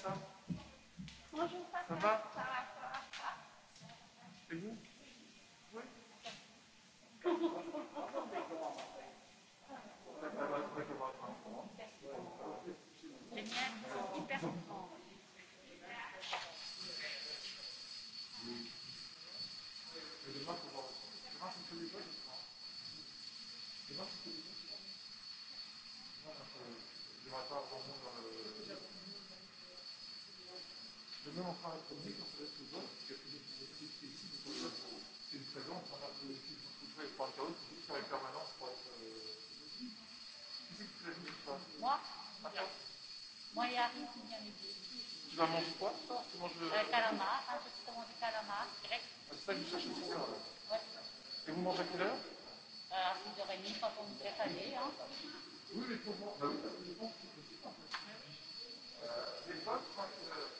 ça Bonjour, papa. Ça va Ça va, ça va, ça va. C'est bon Oui. Les miennes sont hyper grandes. Mais demain, il faut voir. Demain, si tu ne pas, je prends. Demain, si tu ne pas, je prends. Demain, je ne pas, je prends. en train de chronique, on se laisse les autres, parce qu'il y a plus d'effectifs qui existent, donc euh, c'est une présence, on a des équipes qui font pour un carreau, qui faire une permanence pour être. Euh, qui c'est qui te l'a mis Moi Moi, il y a Harry qui vient m'aider. Tu vas manger quoi toi Tu manges le. Euh, calamar, hein, je te mange calamar, grec. Ah, c'est ça que je cherche aussi, ça. Ouais. Et vous mangez à quelle heure À 6h30 quand on vous laisse aller. Hein. Oui, mais pour moi, bah oui, parce que je pense que c'est possible en fait. Euh, les potes, 5 heures.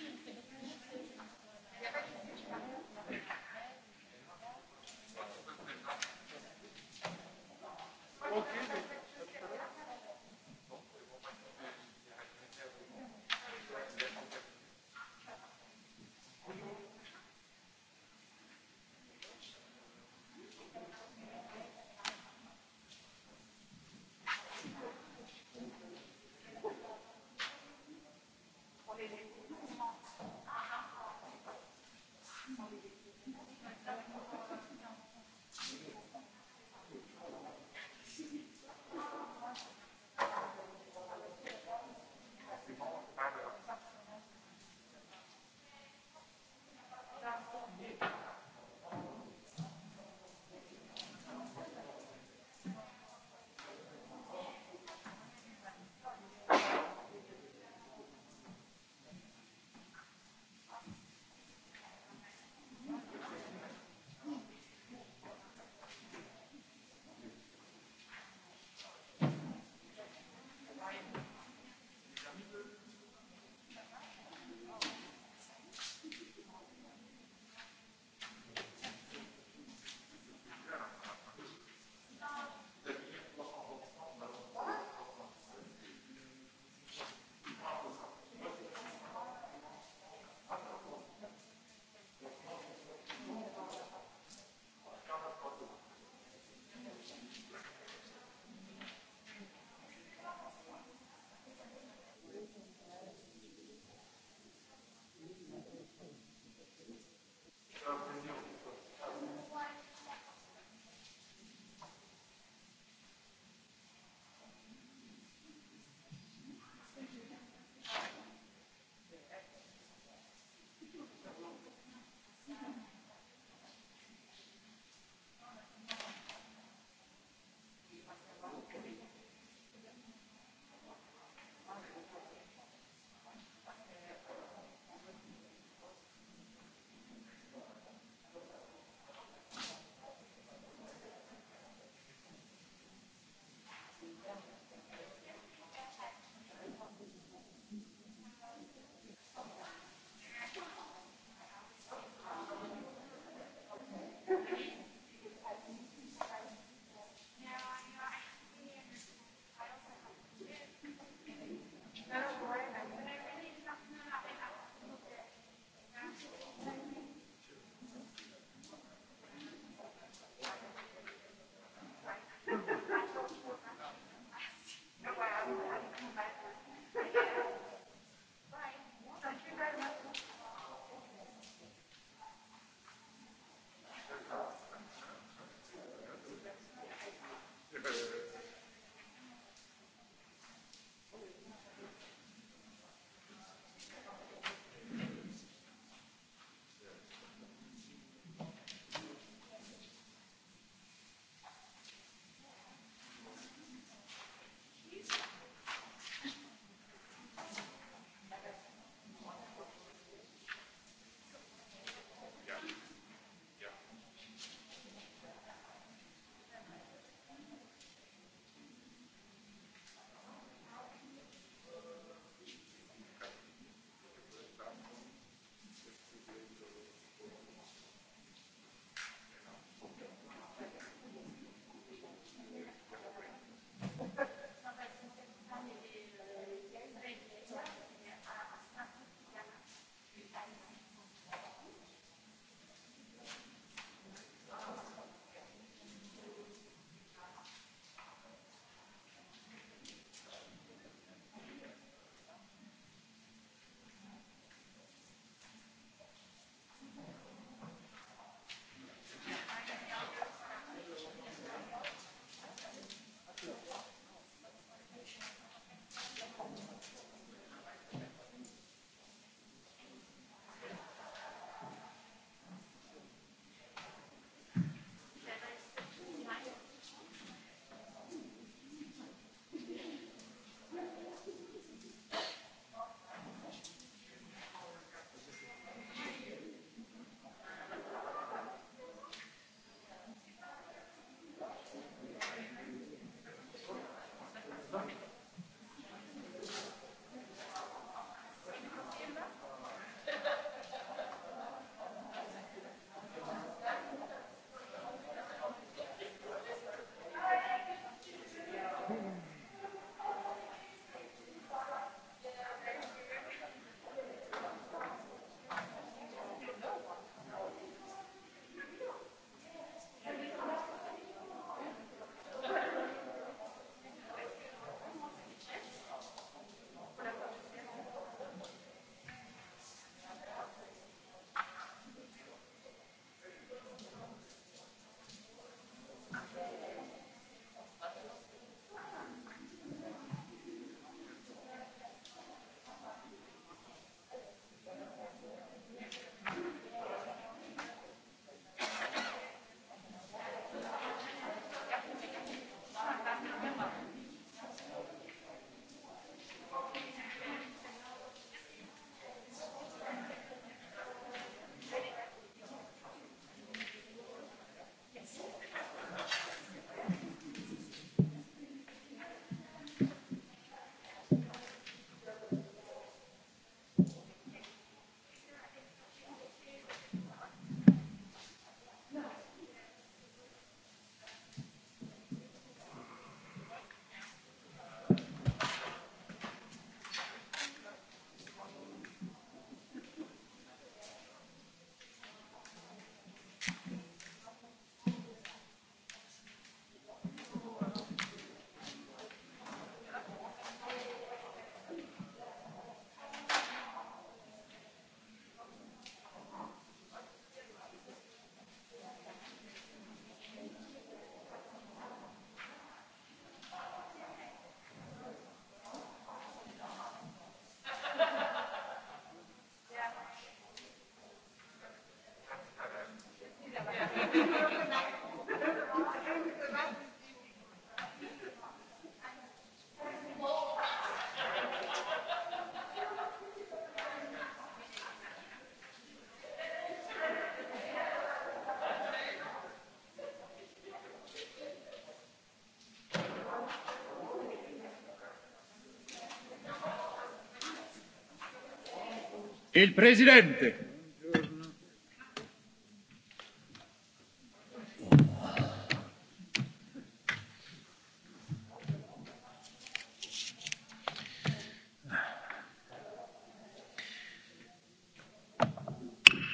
il presidente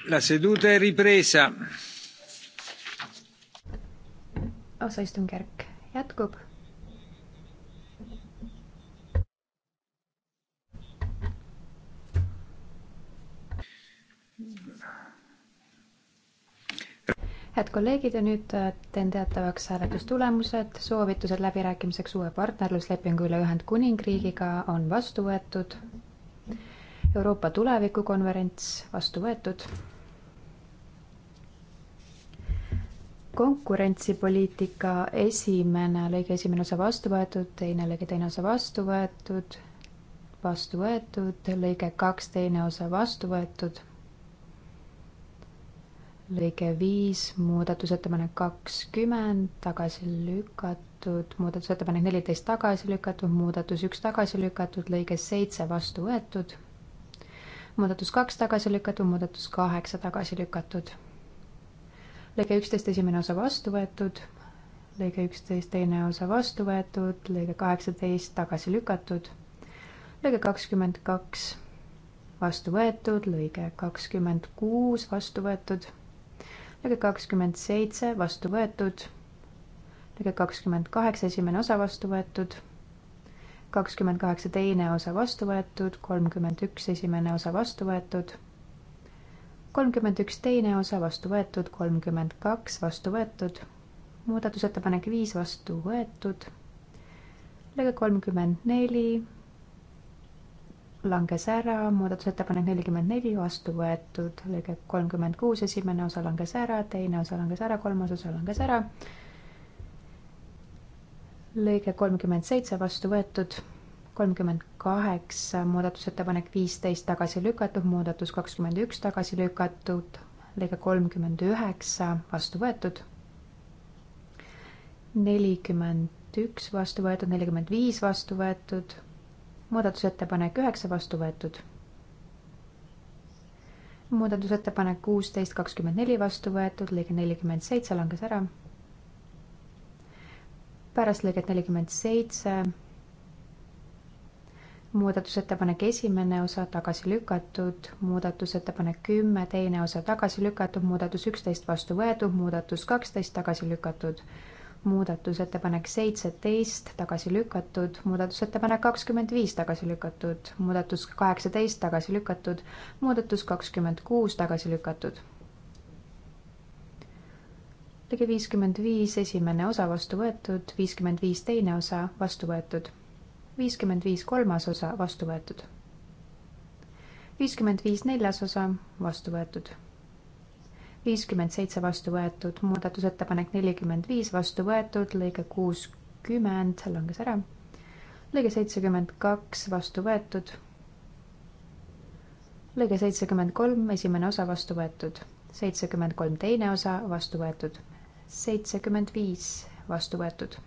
la seduta è ripresa. osaistungjärk jätkub kolleegid ja nüüd äh, teen teatavaks hääletustulemused. soovitused läbirääkimiseks uue partnerluslepingu üle Ühendkuningriigiga on vastu võetud. Euroopa tulevikukonverents vastu võetud. konkurentsipoliitika esimene lõige esimene osa vastu võetud, teine lõige teine osa vastu võetud, vastu võetud, lõige kaks teine osa vastu võetud lõige viis, muudatusettepanek kakskümmend, tagasi lükatud, muudatusettepanek neliteist tagasi lükatud, muudatus üks tagasi lükatud, lõige seitse vastu võetud, muudatus kaks tagasi lükatud, muudatus kaheksa tagasi lükatud, lõige üksteist esimene osa vastu võetud, lõige üksteist teine osa vastu võetud, lõige kaheksateist tagasi lükatud, lõige kakskümmend kaks vastu võetud, lõige kakskümmend kuus vastu võetud lõige kakskümmend seitse vastu võetud, lõige kakskümmend kaheksa esimene osa vastu võetud, kakskümmend kaheksa teine osa vastu võetud, kolmkümmend üks esimene osa vastu võetud, kolmkümmend üks teine osa vastu võetud, kolmkümmend kaks vastu võetud, muudatusettepanek viis vastu võetud, lõige kolmkümmend neli langes ära, muudatusettepanek nelikümmend neli vastu võetud, lõige kolmkümmend kuus, esimene osa langes ära, teine osa langes ära, kolmas osa langes ära. lõige kolmkümmend seitse vastu võetud, kolmkümmend kaheksa, muudatusettepanek viisteist tagasi lükatud, muudatus kakskümmend üks tagasi lükatud, lõige kolmkümmend üheksa vastu võetud, nelikümmend üks vastu võetud, nelikümmend viis vastu võetud muudatusettepanek üheksa vastu võetud. muudatusettepanek kuusteist kakskümmend neli vastu võetud, lõige nelikümmend seitse langes ära. pärast lõiget nelikümmend seitse muudatusettepanek esimene osa tagasi lükatud, muudatusettepanek kümme, teine osa tagasi lükatud, muudatus üksteist vastu võetud, muudatus kaksteist tagasi lükatud muudatusettepanek seitseteist tagasi lükatud, muudatusettepanek kakskümmend viis tagasi lükatud, muudatus kaheksateist tagasi lükatud, muudatus kakskümmend kuus tagasi lükatud. lõige viiskümmend viis esimene osa vastu võetud, viiskümmend viis teine osa vastu võetud, viiskümmend viis kolmas osa vastu võetud, viiskümmend viis neljas osa vastu võetud viiskümmend seitse vastu võetud, muudatusettepanek nelikümmend viis vastu võetud, lõige kuuskümmend langes ära, lõige seitsekümmend kaks vastu võetud, lõige seitsekümmend kolm esimene osa vastu võetud, seitsekümmend kolm teine osa vastu võetud, seitsekümmend viis vastu võetud,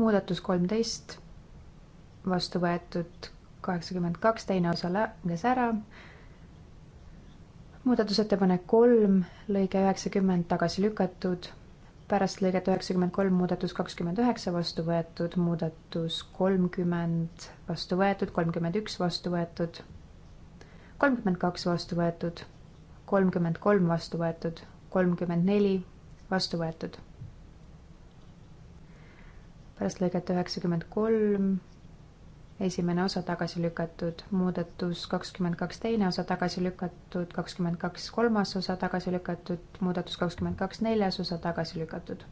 muudatus kolmteist vastu võetud, kaheksakümmend kaks teine osa langes ära, muudatusettepanek kolm, lõige üheksakümmend tagasi lükatud, pärast lõiget üheksakümmend kolm muudatus kakskümmend üheksa vastu võetud, muudatus kolmkümmend vastu võetud, kolmkümmend üks vastu võetud, kolmkümmend kaks vastu võetud, kolmkümmend kolm vastu võetud, kolmkümmend neli vastu võetud pärast lõiget üheksakümmend kolm esimene osa tagasi lükatud, muudatus kakskümmend kaks teine osa tagasi lükatud, kakskümmend kaks kolmas osa tagasi lükatud, muudatus kakskümmend kaks neljas osa tagasi lükatud.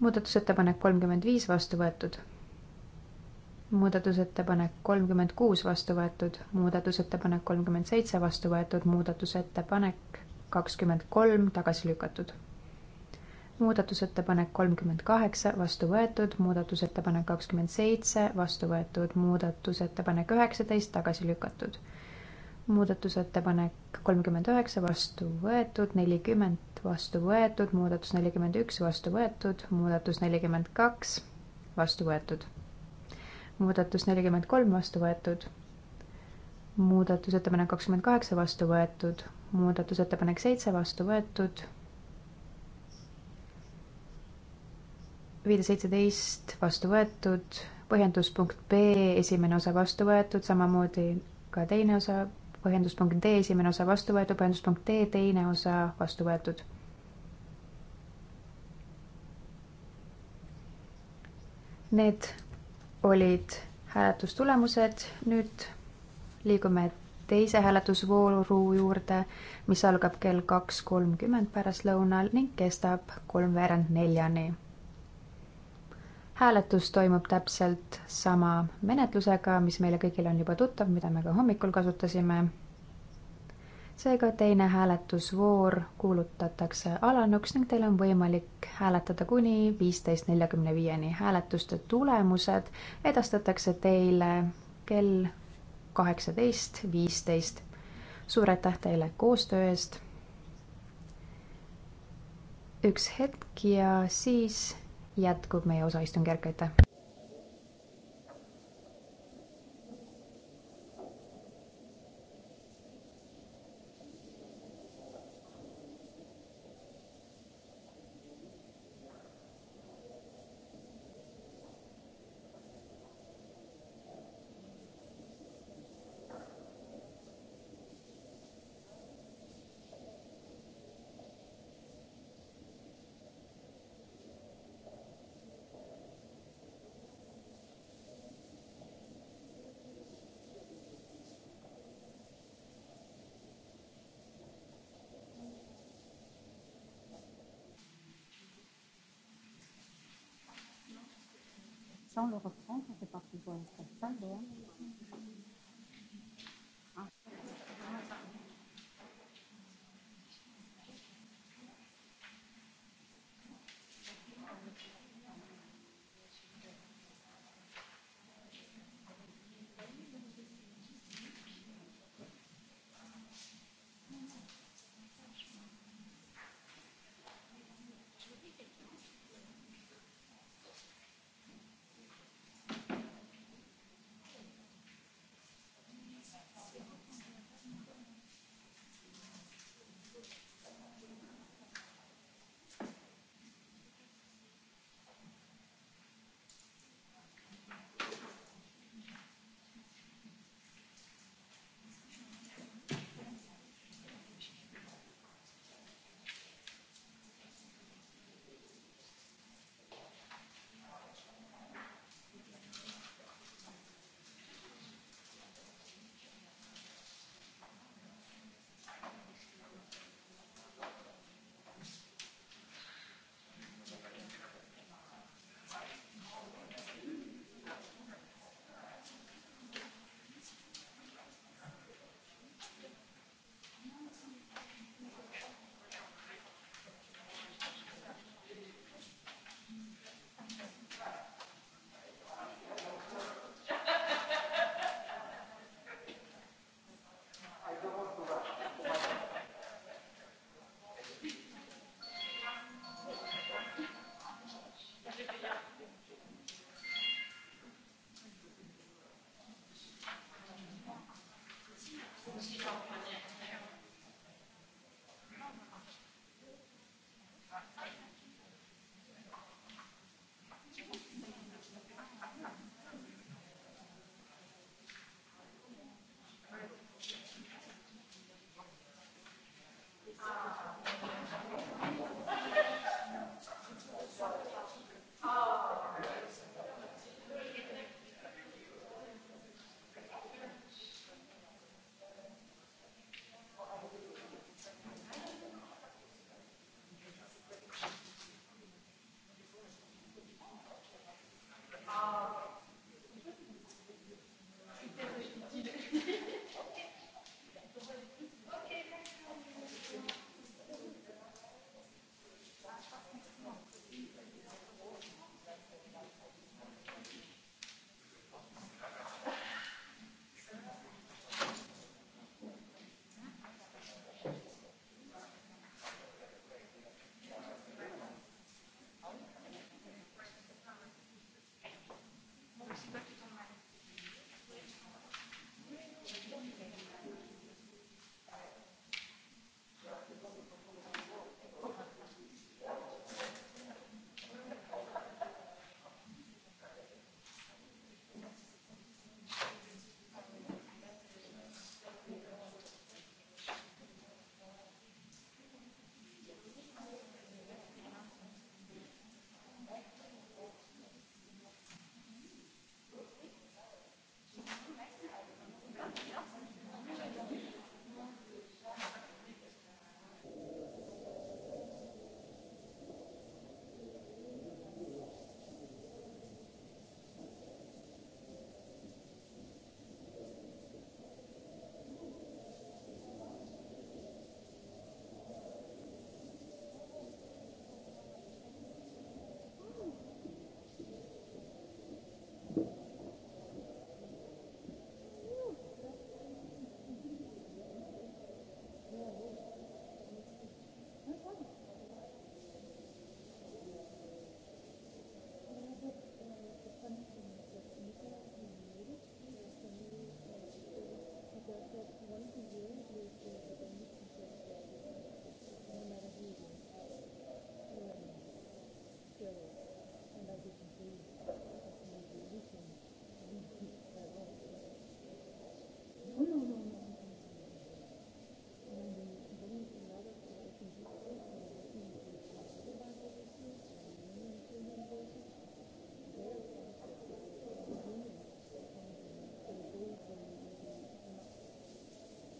muudatusettepanek kolmkümmend viis vastu võetud. muudatusettepanek kolmkümmend kuus vastu võetud, muudatusettepanek kolmkümmend seitse vastu võetud, muudatusettepanek kakskümmend kolm tagasi lükatud muudatusettepanek kolmkümmend kaheksa, vastu võetud, muudatusettepanek kakskümmend seitse, vastu võetud, muudatusettepanek üheksateist, tagasi lükatud. muudatusettepanek kolmkümmend üheksa, vastu võetud, nelikümmend, vastu võetud, muudatus nelikümmend üks, vastu võetud, muudatus nelikümmend kaks, vastu võetud. muudatus nelikümmend kolm, vastu võetud. muudatusettepanek kakskümmend kaheksa, vastu võetud, muudatusettepanek seitse, vastu võetud viide seitseteist vastu võetud, põhjenduspunkt B esimene osa vastu võetud, samamoodi ka teine osa, põhjenduspunkt D esimene osa vastu võetud, põhjenduspunkt D teine osa vastu võetud Need olid hääletustulemused. Nüüd liigume teise hääletusvooru juurde, mis algab kell 2.30 pärast lõunal ning kestab kolmveerand neljani hääletus toimub täpselt sama menetlusega, mis meile kõigile on juba tuttav, mida me ka hommikul kasutasime. seega teine hääletusvoor kuulutatakse alanuks ning teil on võimalik hääletada kuni viisteist neljakümne viieni. hääletuste tulemused edastatakse teile kell kaheksateist viisteist. suur aitäh teile koostöö eest. üks hetk ja siis jätkub meie osaistungjärk, aitäh! Sans le refrain, ça fait partie du récital.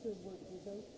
Western work results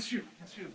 sûr, bien sûr.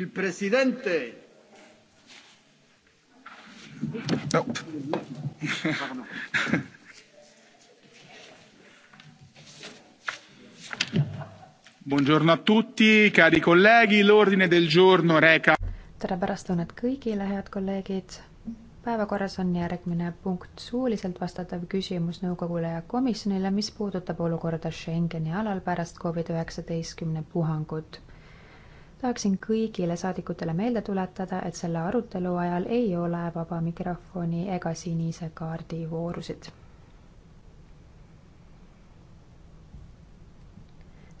Il presidente. Nope. Buongiorno a tutti, cari colleghi. L'ordine del giorno reca. tere pärastlõunat kõigile, head kolleegid. päevakorras on järgmine punkt, suuliselt vastatav küsimus nõukogule ja komisjonile, mis puudutab olukorda Schengeni alal pärast Covid-19 puhangut tahaksin kõigile saadikutele meelde tuletada, et selle arutelu ajal ei ole vaba mikrofoni ega sinise kaardi voorusid.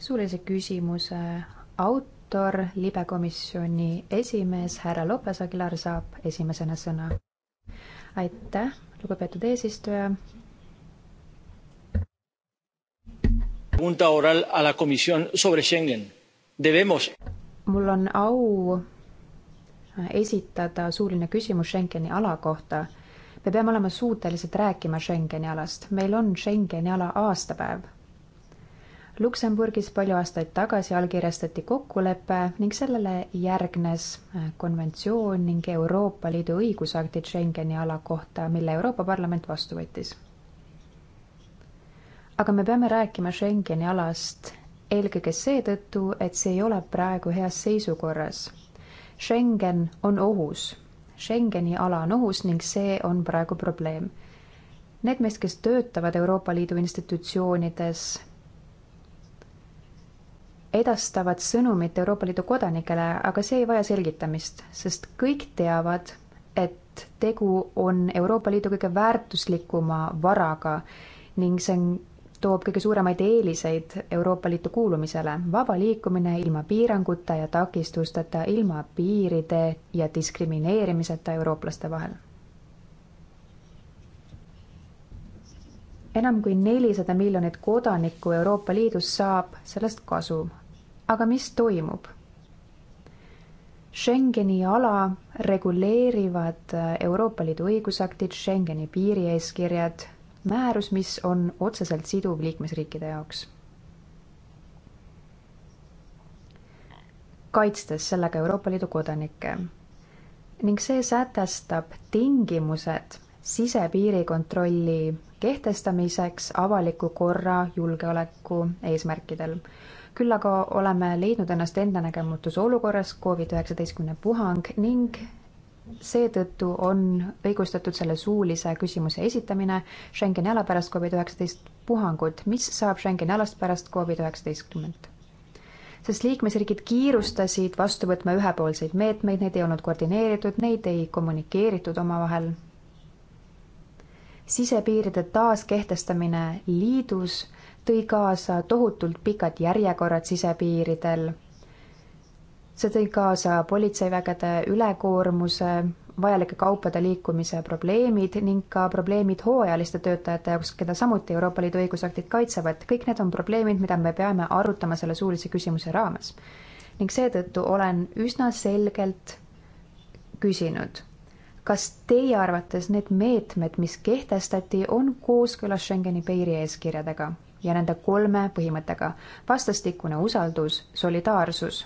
suulise küsimuse autor, libekomisjoni esimees härra Lopes Aguilar saab esimesena sõna. aitäh, lugupeetud eesistuja. Pregunta oral a la comisión sobre Schengen. Debemos mul on au äh, esitada suuline küsimus Schengeni ala kohta. me peame olema suutelised rääkima Schengeni alast, meil on Schengeni ala aastapäev. Luksemburgis palju aastaid tagasi allkirjastati kokkulepe ning sellele järgnes äh, konventsioon ning Euroopa Liidu õigusaktid Schengeni ala kohta, mille Euroopa Parlament vastu võttis. aga me peame rääkima Schengeni alast eelkõige seetõttu, et see ei ole praegu heas seisukorras. Schengen on ohus, Schengeni ala on ohus ning see on praegu probleem. Need meist, kes töötavad Euroopa Liidu institutsioonides, edastavad sõnumit Euroopa Liidu kodanikele, aga see ei vaja selgitamist, sest kõik teavad, et tegu on Euroopa Liidu kõige väärtuslikuma varaga ning see on toob kõige suuremaid eeliseid Euroopa Liitu kuulumisele. vaba liikumine ilma piiranguta ja takistusteta, ilma piiride ja diskrimineerimiseta eurooplaste vahel. enam kui nelisada miljonit kodanikku Euroopa Liidus saab sellest kasu. aga mis toimub? Schengeni ala reguleerivad Euroopa Liidu õigusaktid, Schengeni piirieeskirjad määrus, mis on otseselt siduv liikmesriikide jaoks. kaitstes sellega Euroopa Liidu kodanikke ning see sätestab tingimused sisepiirikontrolli kehtestamiseks avaliku korra julgeoleku eesmärkidel. küll aga oleme leidnud ennast endanägematus olukorras Covid-19 puhang ning seetõttu on õigustatud selle suulise küsimuse esitamine Schengeni ala pärast Covid-19 puhangut, mis saab Schengeni alast pärast Covid-19? sest liikmesriigid kiirustasid vastu võtma ühepoolseid meetmeid, need ei olnud koordineeritud, neid ei kommunikeeritud omavahel. sisepiiride taaskehtestamine liidus tõi kaasa tohutult pikad järjekorrad sisepiiridel see tõi kaasa politseivägede ülekoormuse, vajalike kaupade liikumise probleemid ning ka probleemid hooajaliste töötajate jaoks, keda samuti Euroopa Liidu õigusaktid kaitsevad. kõik need on probleemid, mida me peame arutama selle suulise küsimuse raames. ning seetõttu olen üsna selgelt küsinud, kas teie arvates need meetmed, mis kehtestati, on kooskõlas Schengeni piirieeskirjadega ja nende kolme põhimõttega vastastikune usaldus, solidaarsus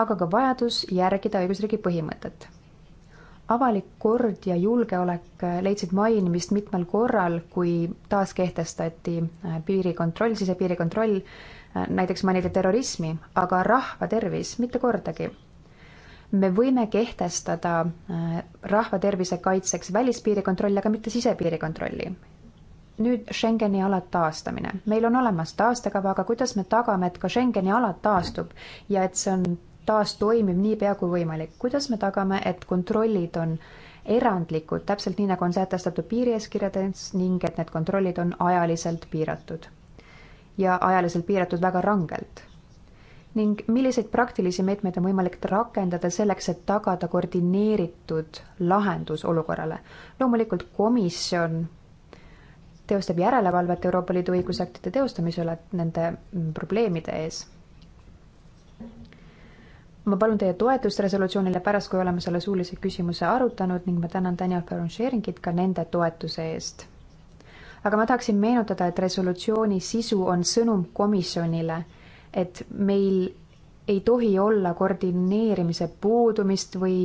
aga ka vajadus järgida õigusriigi põhimõtet. avalik kord ja julgeolek leidsid mainimist mitmel korral, kui taaskehtestati äh, piirikontroll, sisepiirikontroll, äh, näiteks mainiti terrorismi, aga rahva tervis mitte kordagi. me võime kehtestada äh, rahva tervise kaitseks välispiirikontrolli, aga mitte sisepiirikontrolli nüüd Schengeni ala taastamine. meil on olemas taastekava, aga kuidas me tagame, et ka Schengeni ala taastub ja et see on taas toimib niipea kui võimalik. kuidas me tagame, et kontrollid on erandlikud, täpselt nii, nagu on sätestatud piirieeskirjades ning et need kontrollid on ajaliselt piiratud? ja ajaliselt piiratud väga rangelt. ning milliseid praktilisi meetmeid on võimalik rakendada selleks, et tagada koordineeritud lahendus olukorrale? loomulikult komisjon teostab järelevalvet Euroopa Liidu õigusaktide teostamise üle nende probleemide ees ma palun teie toetust resolutsioonile pärast, kui oleme selle suulise küsimuse arutanud ning ma tänan Daniel Ferrancheringit ka nende toetuse eest. aga ma tahaksin meenutada, et resolutsiooni sisu on sõnum komisjonile, et meil ei tohi olla koordineerimise puudumist või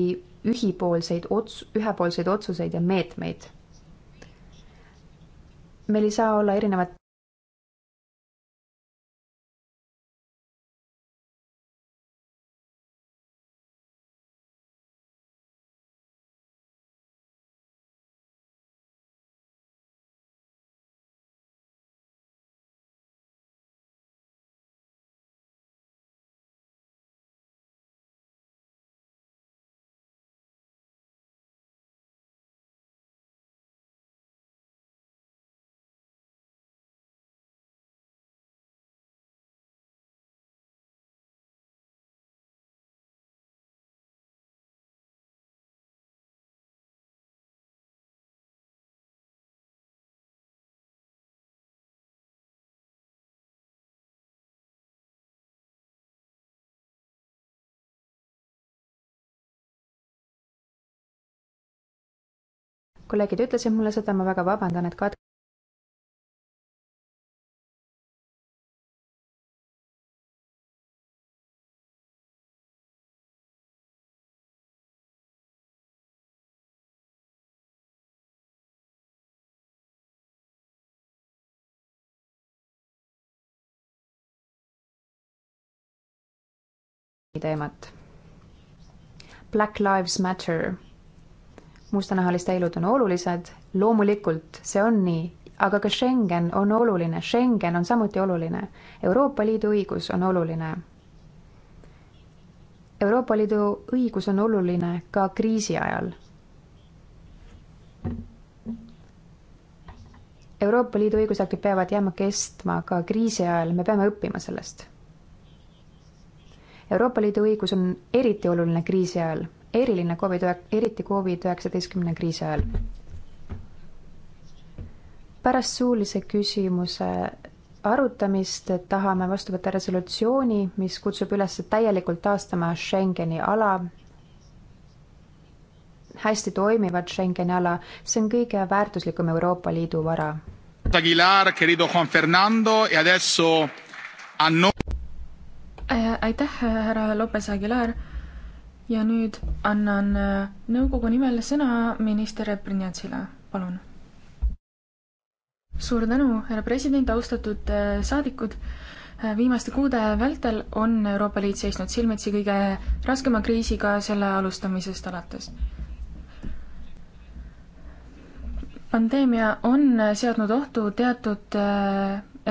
ühipoolseid ots-, ühepoolseid otsuseid ja meetmeid. meil ei saa olla erinevat kolleegid ütlesid mulle seda, ma väga vabandan, et kat-. teemat. Black Lives Matter mustanahaliste elud on olulised, loomulikult see on nii, aga ka Schengen on oluline, Schengen on samuti oluline. Euroopa Liidu õigus on oluline. Euroopa Liidu õigus on oluline ka kriisi ajal. Euroopa Liidu õigusaktid peavad jääma kestma ka kriisi ajal, me peame õppima sellest Euroopa Liidu õigus on eriti oluline kriisi ajal eriline Covid, eriti Covid-19 kriisi ajal. pärast suulise küsimuse arutamist tahame vastu võtta resolutsiooni, mis kutsub üles täielikult taastama Schengeni ala, hästi toimivat Schengeni ala, see on kõige väärtuslikum Euroopa Liidu vara. Aguilar, querido Juan Fernando ja adesso anno-. Äh, aitäh, härra Lopez Aguilar ja nüüd annan äh, nõukogu nimel sõna minister Reprinjatsile, palun. suur tänu, härra president, austatud äh, saadikud. Äh, viimaste kuude vältel on Euroopa Liit seisnud silmitsi kõige raskema kriisiga selle alustamisest alates. pandeemia on seadnud ohtu teatud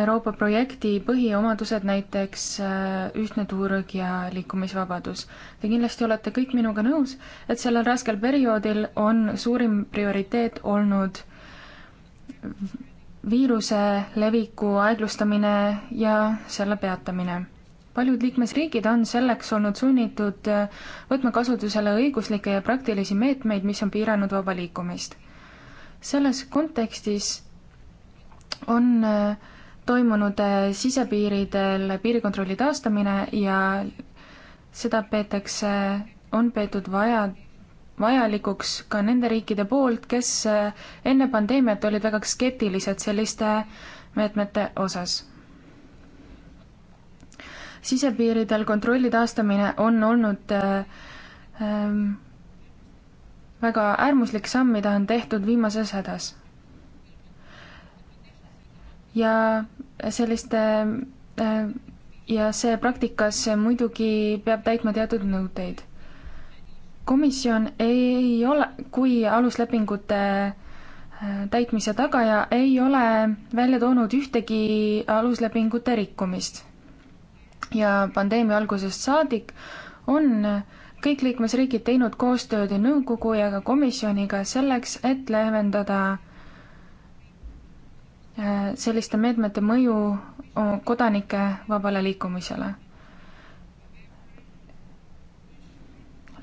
Euroopa projekti põhiomadused, näiteks äh, ühtne turg ja liikumisvabadus. Te kindlasti olete kõik minuga nõus, et sellel raskel perioodil on suurim prioriteet olnud viiruse leviku aeglustamine ja selle peatamine paljud liikmesriigid on selleks olnud sunnitud äh, võtma kasutusele õiguslikke ja praktilisi meetmeid, mis on piiranud vaba liikumist. selles kontekstis on äh, toimunud äh, sisepiiridel piirikontrolli taastamine ja seda peetakse, on peetud vaja, vajalikuks ka nende riikide poolt, kes äh, enne pandeemiat olid väga skeptilised selliste meetmete osas. sisepiiridel kontrolli taastamine on olnud äh, ähm, väga äärmuslik samm, mida on tehtud viimases hädas ja selliste äh, ja see praktikas muidugi peab täitma teatud nõudeid. komisjon ei ole, kui aluslepingute äh, täitmise tagaja ei ole välja toonud ühtegi aluslepingute rikkumist. ja pandeemia algusest saadik on kõik liikmesriigid teinud koostööd nõukogu ja ka komisjoniga selleks, et leevendada Äh, selliste meetmete mõju kodanike vabale liikumisele.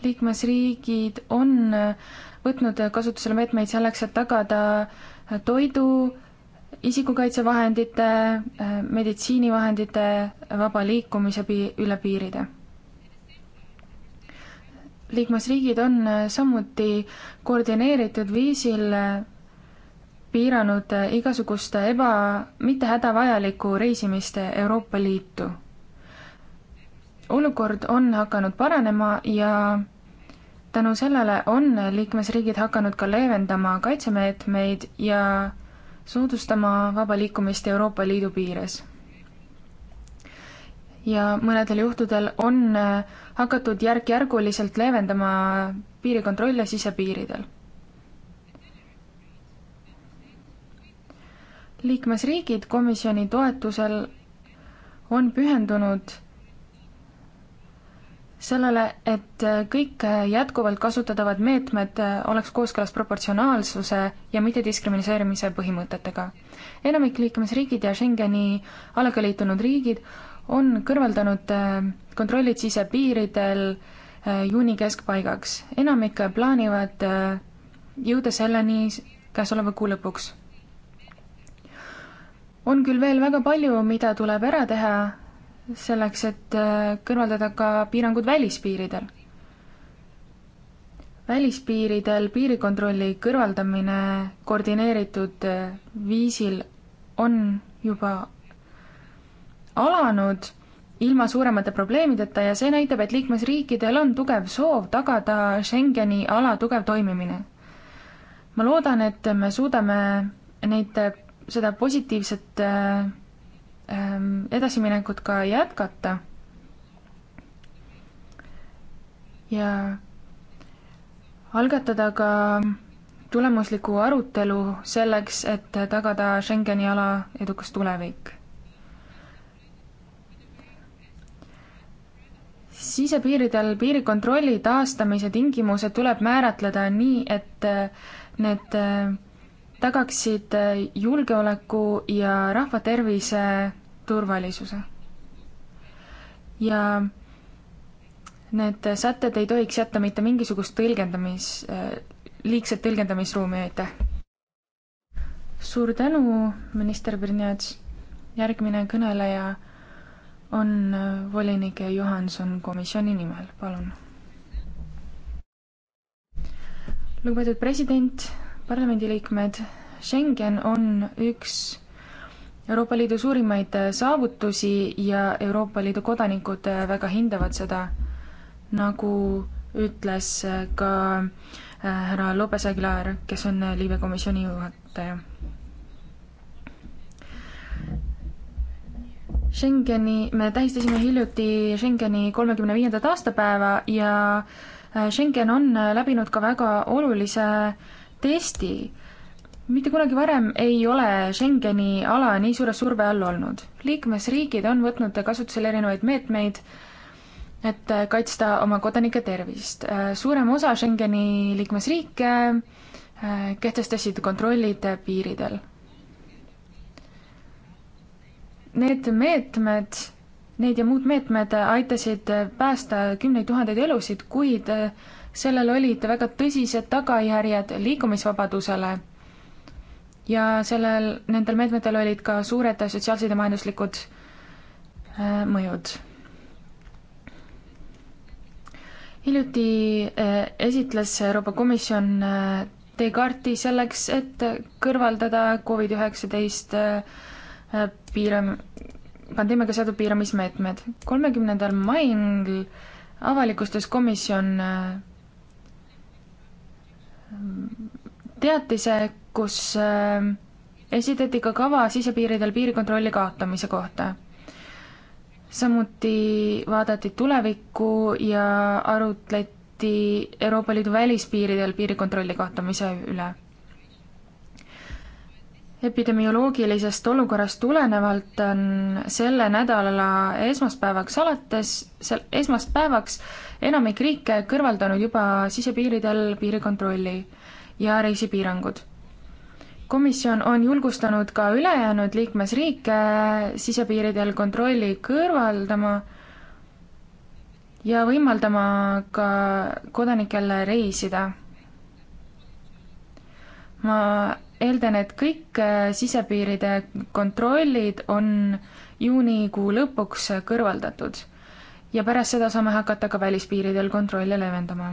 liikmesriigid on äh, võtnud kasutusele meetmeid selleks, et tagada äh, toidu, isikukaitsevahendite, meditsiinivahendite vaba liikumise pi-, üle piiride liikmesriigid on samuti koordineeritud viisil piiranud igasugust eba, mitte hädavajalikku reisimist Euroopa Liitu. olukord on hakanud paranema ja tänu sellele on liikmesriigid hakanud ka leevendama kaitsemeetmeid ja soodustama vaba liikumist Euroopa Liidu piires. ja mõnedel juhtudel on hakatud järk-järguliselt leevendama piirikontrolle sisepiiridel liikmesriigid komisjoni toetusel on pühendunud sellele, et kõik jätkuvalt kasutatavad meetmed oleks kooskõlas proportsionaalsuse ja mittediskrimineerimise põhimõtetega. enamik liikmesriigid ja Schengeni alaga liitunud riigid on kõrvaldanud äh, kontrollid sisepiiridel äh, juuni keskpaigaks. enamik plaanivad äh, jõuda selleni käesoleva kuu lõpuks on küll veel väga palju, mida tuleb ära teha selleks, et äh, kõrvaldada ka piirangud välispiiridel. välispiiridel piirikontrolli kõrvaldamine koordineeritud äh, viisil on juba alanud ilma suuremate probleemideta ja see näitab, et liikmesriikidel on tugev soov tagada Schengeni ala tugev toimimine. ma loodan, et me suudame neid seda positiivset äh, ähm, edasiminekut ka jätkata. ja algatada ka tulemusliku arutelu selleks, et tagada Schengeni ala edukas tulevik sisepiiridel piirikontrolli taastamise tingimused tuleb määratleda nii, et need äh, tagaksid äh, julgeoleku ja rahva tervise turvalisuse. ja need sätted ei tohiks jätta mitte mingisugust tõlgendamis, äh, liigset tõlgendamisruumi, aitäh! suur tänu, minister Brnjats, järgmine kõneleja on äh, volinik Johanson komisjoni nimel, palun. lugupeetud president, parlamendiliikmed, Schengen on üks Euroopa Liidu suurimaid saavutusi ja Euroopa Liidu kodanikud väga hindavad seda, nagu ütles ka äh, härra Lopez Aguilar, kes on Liive komisjoni juhataja. Schengeni, me tähistasime hiljuti Schengeni kolmekümne viiendat aastapäeva ja äh, Schengen on läbinud ka väga olulise äh, testi. mitte kunagi varem ei ole Schengeni ala nii suure surve all olnud. liikmesriigid on võtnud kasutusele erinevaid meetmeid, et kaitsta oma kodanike tervist. suurem osa Schengeni liikmesriike äh, kehtestasid kontrollid piiridel. Need meetmed, need ja muud meetmed aitasid päästa kümneid tuhandeid elusid, kuid äh, sellel olid väga tõsised tagajärjed liikumisvabadusele ja sellel, nendel meetmetel olid ka suured sotsiaalsed ja majanduslikud äh, mõjud. hiljuti äh, esitles Euroopa Komisjon äh, teekaarti selleks, et kõrvaldada Covid üheksateist piiram-, pandeemiaga seotud piiramismeetmed. kolmekümnendal mail avalikustas komisjon teatise, kus äh, esitati ka kava sisepiiridel piirikontrolli kaotamise kohta. samuti vaadati tulevikku ja arutleti Euroopa Liidu välispiiridel piirikontrolli kaotamise üle. epidemioloogilisest olukorrast tulenevalt on selle nädala esmaspäevaks alates, esmaspäevaks enamik riike kõrvaldanud juba sisepiiridel piirikontrolli ja reisipiirangud. komisjon on julgustanud ka ülejäänud liikmesriike sisepiiridel kontrolli kõrvaldama ja võimaldama ka kodanikele reisida. ma eeldan, et kõik sisepiiride kontrollid on juunikuu lõpuks kõrvaldatud ja pärast seda saame hakata ka välispiiridel kontrolle leevendama.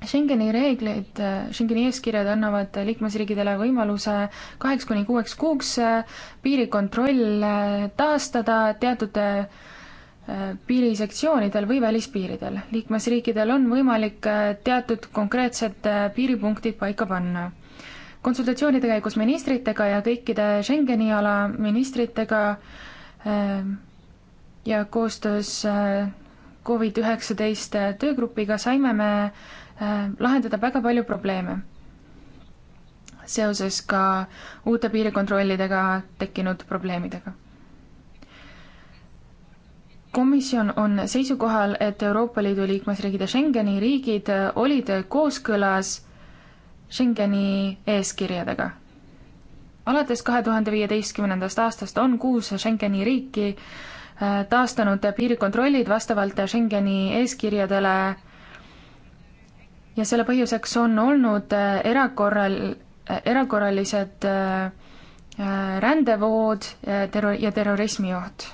Schengeni reeglid, Schengeni eeskirjad annavad liikmesriigidele võimaluse kaheks kuni kuueks kuuks piirikontroll taastada teatud äh, piirisektsioonidel või välispiiridel. liikmesriikidel on võimalik äh, teatud konkreetsed äh, piiripunktid paika panna. konsultatsioonide käigus ministritega ja kõikide Schengeni ala ministritega ja koostöös äh, Covid-19 töögrupiga saime me äh, lahendada väga palju probleeme seoses ka uute piirikontrollidega tekkinud probleemidega. komisjon on seisukohal, et Euroopa Liidu liikmesriigid ja Schengeni riigid äh, olid kooskõlas Schengeni eeskirjadega. alates kahe tuhande viieteistkümnendast aastast on kuus Schengeni riiki äh, taastanud piirikontrollid vastavalt Schengeni eeskirjadele ja selle põhjuseks on olnud erakorral, erakorralised äh, rändevood äh, terro- ja terrorismioht.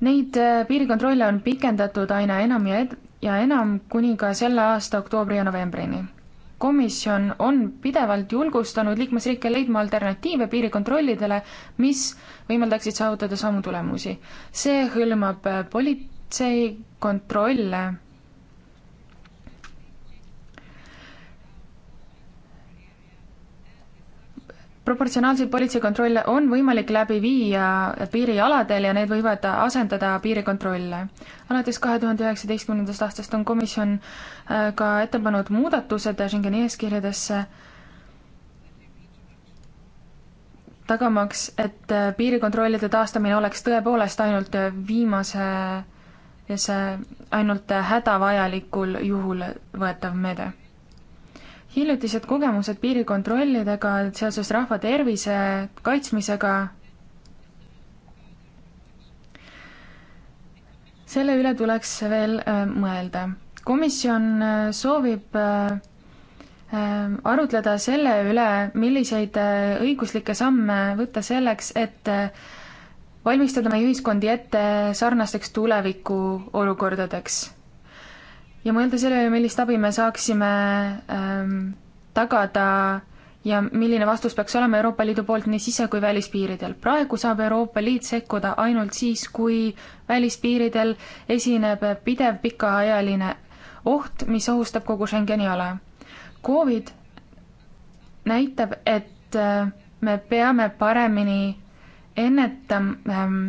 Neid äh, piirikontrolle on pikendatud aina enam ja, ja enam kuni ka selle aasta oktoobri ja novembrini komisjon on pidevalt julgustanud liikmesriike leidma alternatiive piirikontrollidele, mis võimaldaksid saavutada samu tulemusi. see hõlmab politsei kontrolle proportsionaalseid politseikontrolle on võimalik läbi viia piirialadel ja need võivad asendada piirikontrolle. alates kahe tuhande üheksateistkümnendast aastast on komisjon äh, ka ette pannud muudatused Schengeni eeskirjadesse, tagamaks, et äh, piirikontrollide taastamine oleks tõepoolest ainult viimase, ainult hädavajalikul juhul võetav meede hiljutised kogemused piirikontrollidega seoses rahva tervise kaitsmisega, selle üle tuleks veel äh, mõelda. komisjon äh, soovib äh, arutleda selle üle, milliseid õiguslikke samme võtta selleks, et valmistada meie ühiskondi ette sarnasteks tulevikuolukordadeks ja mõelda sellele, millist abi me saaksime ähm, tagada ja milline vastus peaks olema Euroopa Liidu poolt nii sise- kui välispiiridel. praegu saab Euroopa Liit sekkuda ainult siis, kui välispiiridel esineb pidev pikaajaline oht, mis ohustab kogu Schengeni ala. Covid näitab, et äh, me peame paremini ennetama ähm,,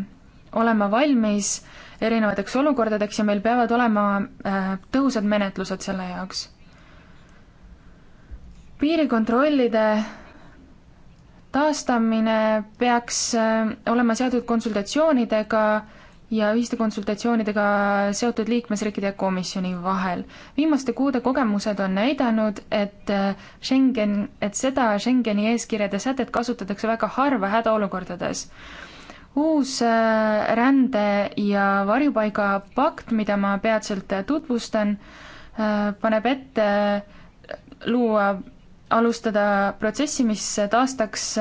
olema valmis äh, erinevateks olukordadeks ja meil peavad olema äh, tõhusad menetlused selle jaoks. piirikontrollide taastamine peaks äh, olema seotud konsultatsioonidega ja ühiste konsultatsioonidega seotud liikmesriikide ja komisjoni vahel. viimaste kuude kogemused on näidanud, et äh, Schengen, et seda Schengeni eeskirjade sätet kasutatakse väga harva hädaolukordades uus äh, rände- ja varjupaigapakt, mida ma peatselt äh, tutvustan, äh, paneb ette luua, alustada protsessi, mis taastaks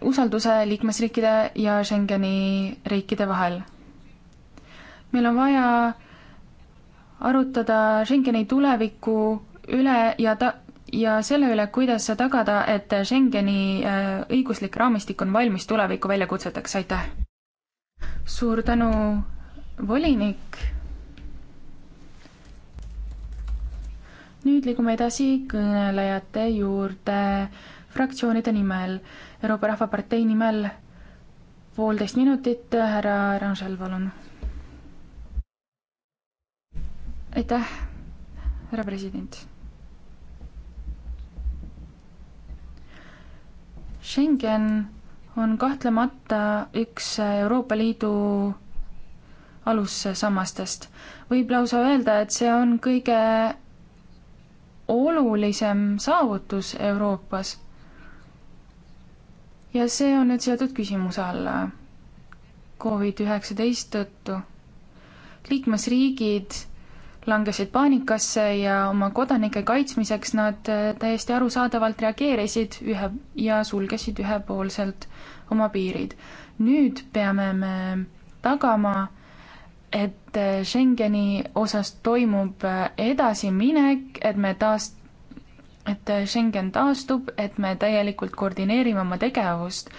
usalduse liikmesriikide ja Schengeni riikide vahel. meil on vaja arutada Schengeni tuleviku üle ja ta-, ja selle üle, kuidas tagada, et Schengeni äh, õiguslik raamistik on valmis tuleviku väljakutseteks, aitäh! suur tänu, volinik! nüüd liigume edasi kõnelejate juurde fraktsioonide nimel. Euroopa Rahvapartei nimel poolteist minutit, härra Rangel, palun. aitäh, härra president Schengen on kahtlemata üks Euroopa Liidu alussammastest. võib lausa öelda, et see on kõige olulisem saavutus Euroopas. ja see on nüüd seotud küsimuse alla Covid-19 tõttu. liikmesriigid langesid paanikasse ja oma kodanike kaitsmiseks nad äh, täiesti arusaadavalt reageerisid ühe ja sulgesid ühepoolselt oma piirid. nüüd peame me tagama, et äh, Schengeni osas toimub äh, edasiminek, et me taas, et Schengen taastub, et me täielikult koordineerime oma tegevust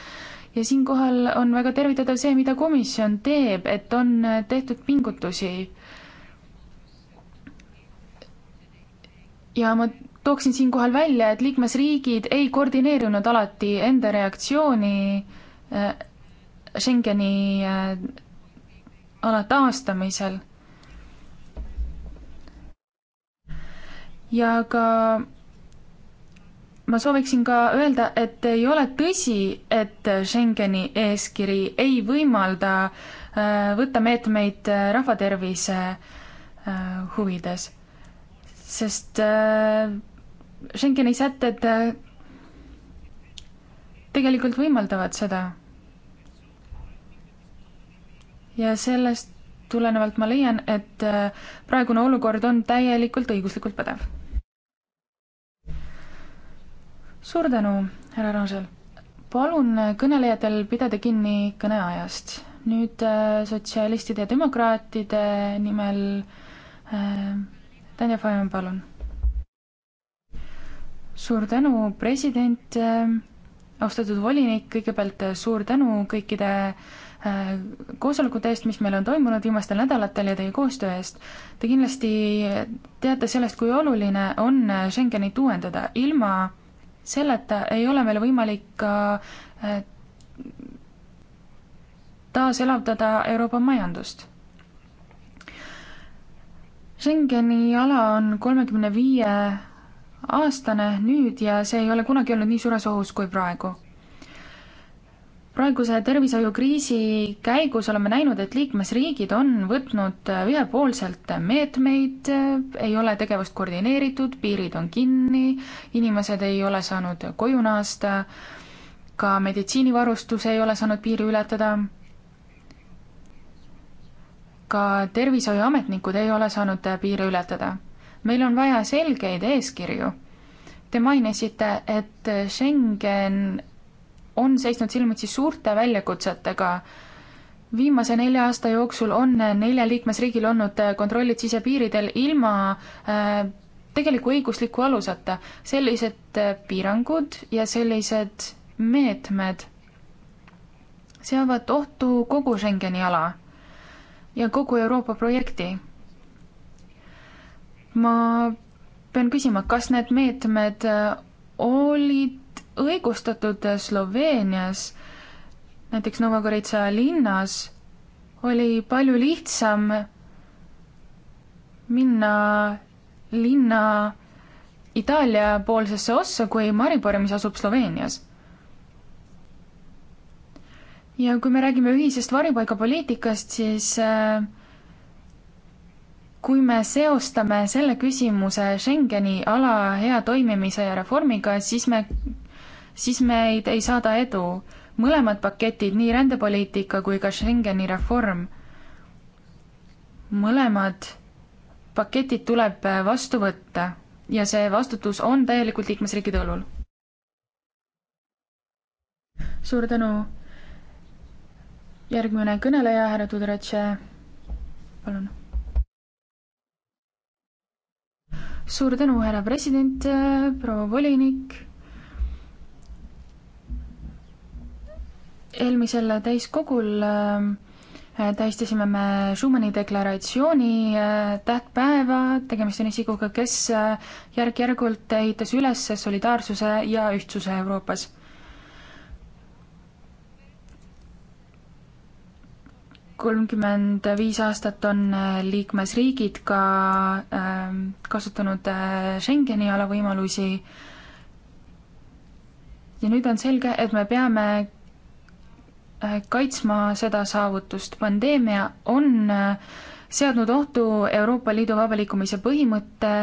ja siinkohal on väga tervitatav see, mida komisjon teeb, et on tehtud pingutusi ja ma tooksin siinkohal välja, et liikmesriigid ei koordineerinud alati enda reaktsiooni äh, Schengeni äh, ala taastamisel. ja ka ma sooviksin ka öelda, et ei ole tõsi, et Schengeni eeskiri ei võimalda äh, võtta meetmeid rahvatervise huvides sest äh, Schengeni sätted äh, tegelikult võimaldavad seda. ja sellest tulenevalt ma leian, et äh, praegune olukord on täielikult õiguslikult pädev. suur tänu, härra Rangel. palun kõnelejatel pidada kinni kõneajast. nüüd sotsialistide ja demokraatide nimel äh, Tanja Fajon, palun. suur tänu, president, äh, austatud volinik, kõigepealt äh, suur tänu kõikide äh, koosolekute eest, mis meil on toimunud viimastel nädalatel ja teie koostöö eest. Te kindlasti teate sellest, kui oluline on Schengenit uuendada. ilma selleta ei ole meil võimalik ka taaselavdada Euroopa majandust. Schengeni ala on kolmekümne viie aastane nüüd ja see ei ole kunagi olnud nii suures ohus kui praegu. praeguse tervishoiukriisi käigus oleme näinud, et liikmesriigid on võtnud ühepoolselt meetmeid, ei ole tegevust koordineeritud, piirid on kinni, inimesed ei ole saanud koju naasta, ka meditsiinivarustus ei ole saanud piiri ületada ka tervishoiuametnikud ei ole saanud piire ületada. meil on vaja selgeid eeskirju. Te mainisite, et Schengen on seisnud silmitsi suurte väljakutsetega. viimase nelja aasta jooksul on neljal liikmesriigil olnud kontrollid sisepiiridel ilma äh, tegeliku õigusliku aluseta. sellised piirangud ja sellised meetmed seavad ohtu kogu Schengeni ala ja kogu Euroopa projekti. ma pean küsima, kas need meetmed olid õigustatud Sloveenias, näiteks Novgorodtsa linnas oli palju lihtsam minna linna Itaalia poolsesse ossa kui Maribor, mis asub Sloveenias ja kui me räägime ühisest varjupaigapoliitikast, siis äh, kui me seostame selle küsimuse Schengeni ala hea toimimise ja reformiga, siis me, siis me ei, ei saada edu. mõlemad paketid, nii rändepoliitika kui ka Schengeni reform, mõlemad paketid tuleb äh, vastu võtta ja see vastutus on täielikult liikmesriikide õlul. suur tänu järgmine kõneleja, härra Tudratše, palun. suur tänu, härra president, proua volinik. eelmisel täiskogul äh, tähistasime me Schumanni deklaratsiooni äh, tähtpäeva, tegemist on isikuga, kes äh, järk-järgult ehitas üles solidaarsuse ja ühtsuse Euroopas kolmkümmend viis aastat on äh, liikmesriigid ka ähm, kasutanud äh, Schengeni ala võimalusi. ja nüüd on selge, et me peame äh, kaitsma seda saavutust. pandeemia on seadnud ohtu Euroopa Liidu vaba liikumise põhimõtte.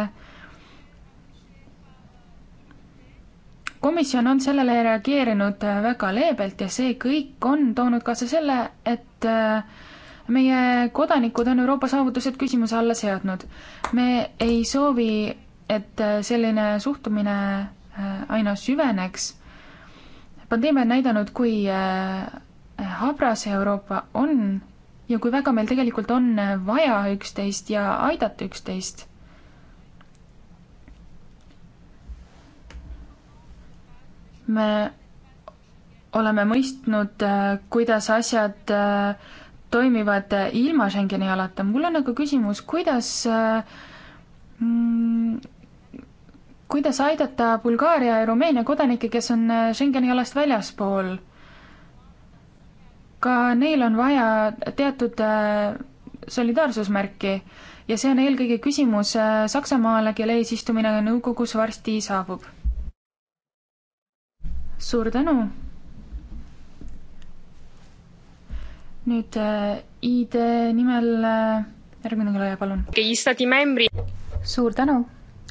komisjon on sellele reageerinud väga leebelt ja see kõik on toonud kaasa selle, et äh, meie kodanikud on Euroopa saavutused küsimuse alla seadnud. me ei soovi, et äh, selline suhtumine äh, aina süveneks. pandeemia on näidanud, kui äh, habras Euroopa on ja kui väga meil tegelikult on vaja üksteist ja aidata üksteist. me oleme mõistnud, kuidas asjad äh, toimivad ilma Schengeni alata. mul on aga nagu küsimus, kuidas mm, kuidas aidata Bulgaaria ja Rumeenia kodanikke, kes on Schengeni alast väljaspool? ka neil on vaja teatud äh, solidaarsusmärki ja see on eelkõige küsimus äh, Saksamaale, kelle eesistumine nõukogus varsti saabub. suur tänu nüüd äh, ID nimel äh, järgmine kõneleja, palun. suur tänu,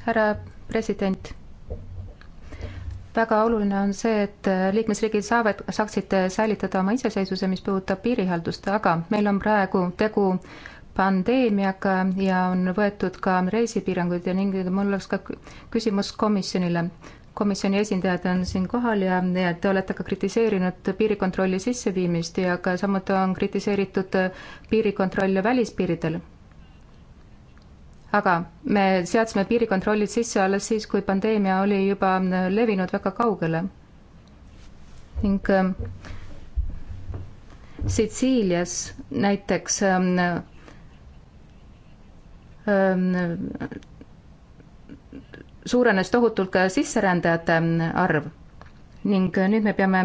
härra president. väga oluline on see, et äh, liikmesriigid saavad, saaksid säilitada oma iseseisvuse, mis puudutab piirihaldust, aga meil on praegu tegu pandeemiaga ja on võetud ka reisipiiranguid ja ning mul oleks ka küsimus komisjonile komisjoni esindajad on siin kohal ja, ja te olete ka kritiseerinud piirikontrolli sisseviimist ja ka samuti on kritiseeritud piirikontrolle välispiiridel. aga me seadsime piirikontrollid sisse alles siis, kui pandeemia oli juba levinud väga kaugele. ning äh, Sitsiilias näiteks ähm, äh, äh, suurenes tohutult ka sisserändajate arv ning nüüd me peame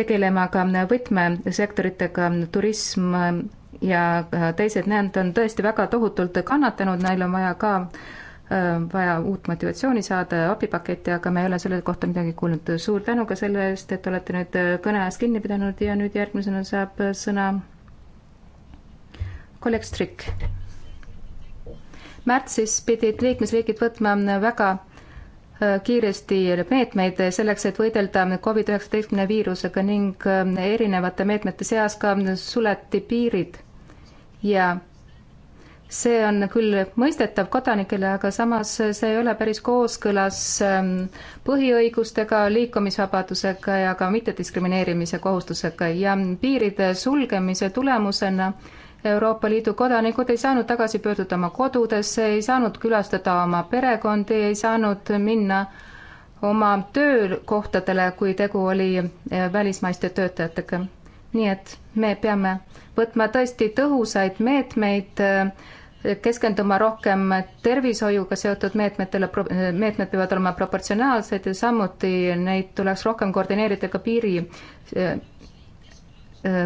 tegelema ka võtmesektoritega, turism ja teised, need on tõesti väga tohutult kannatanud, neil on vaja ka äh, vaja uut motivatsiooni saada, abipaketti, aga me ei ole selle kohta midagi kuulnud. suur tänu ka selle eest, et olete nüüd äh, kõne ajast kinni pidanud ja nüüd järgmisena saab sõna kolleeg Strik märtsis pidid liikmesriigid võtma mm, väga äh, kiiresti meetmeid selleks, et võidelda Covid-19 viirusega ning mm, erinevate meetmete seas ka mm, suleti piirid. ja see on küll mõistetav kodanikele, aga samas see ei ole päris kooskõlas põhiõigustega, liikumisvabadusega ja ka mittediskrimineerimise kohustusega ja piiride sulgemise tulemusena Euroopa Liidu kodanikud ei saanud tagasi pöörduda oma kodudesse, ei saanud külastada oma perekondi, ei saanud minna oma töökohtadele, kui tegu oli eh, välismaiste töötajatega. nii et me peame võtma tõesti tõhusaid meetmeid, eh, keskenduma rohkem tervishoiuga seotud meetmetele, meetmed peavad olema proportsionaalsed ja samuti neid tuleks rohkem koordineerida ka piiri, eh,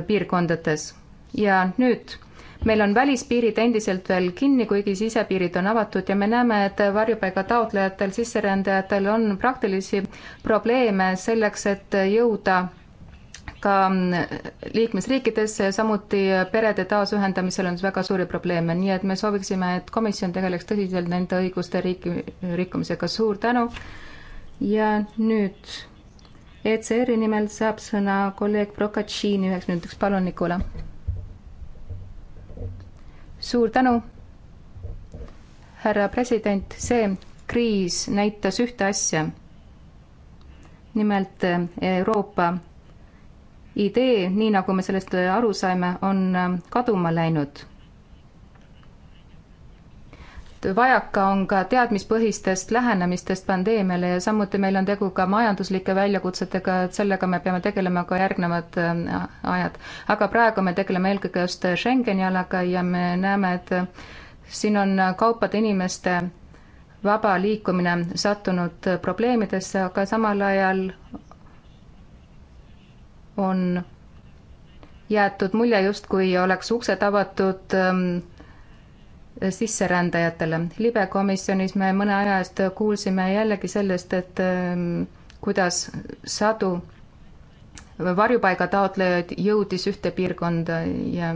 piirkondades ja nüüd meil on välispiirid endiselt veel kinni, kuigi sisepiirid on avatud ja me näeme, et varjupaiga taotlejatel, sisserändajatel on praktilisi probleeme selleks, et jõuda ka mm, liikmesriikidesse, samuti perede taasühendamisel on väga suuri probleeme, nii et me sooviksime, et komisjon tegeleks tõsiselt nende õiguste riiki, rikkumisega, suur tänu. ja nüüd ECR-i nimel saab sõna kolleeg Procaccini üheks minutiks, palun, Nikola suur tänu, härra president, see kriis näitas ühte asja. nimelt eh, Euroopa idee, nii nagu me sellest aru saime, on eh, kaduma läinud vajaka on ka teadmispõhistest lähenemistest pandeemiale ja samuti meil on tegu ka majanduslike väljakutsetega, et sellega me peame tegelema ka järgnevad äh, ajad. aga praegu me tegeleme eelkõige just Schengeni alaga ja me näeme, et siin on kaupade, inimeste vaba liikumine sattunud probleemidesse, aga samal ajal on jäetud mulje, justkui oleks uksed avatud ähm, sisserändajatele. libekomisjonis me mõne aja eest kuulsime jällegi sellest, et ähm, kuidas sadu varjupaigataotlejaid jõudis ühte piirkonda ja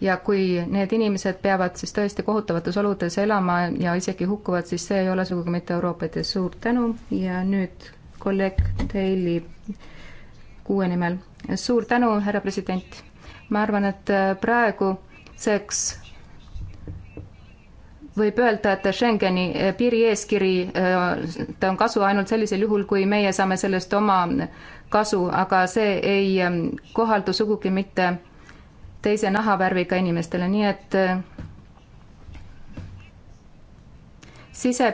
ja kui need inimesed peavad siis tõesti kohutavates oludes elama ja isegi hukkuvad, siis see ei ole sugugi mitte Euroopat ja suur tänu ja nüüd kolleeg Daily kuue nimel. suur tänu, härra president. ma arvan, et äh, praeguseks võib öelda, et Schengeni eh, piirieeskiri, eh, ta on kasu ainult sellisel juhul, kui meie saame sellest oma kasu, aga see ei eh, kohaldu sugugi mitte teise nahavärviga inimestele, nii et sise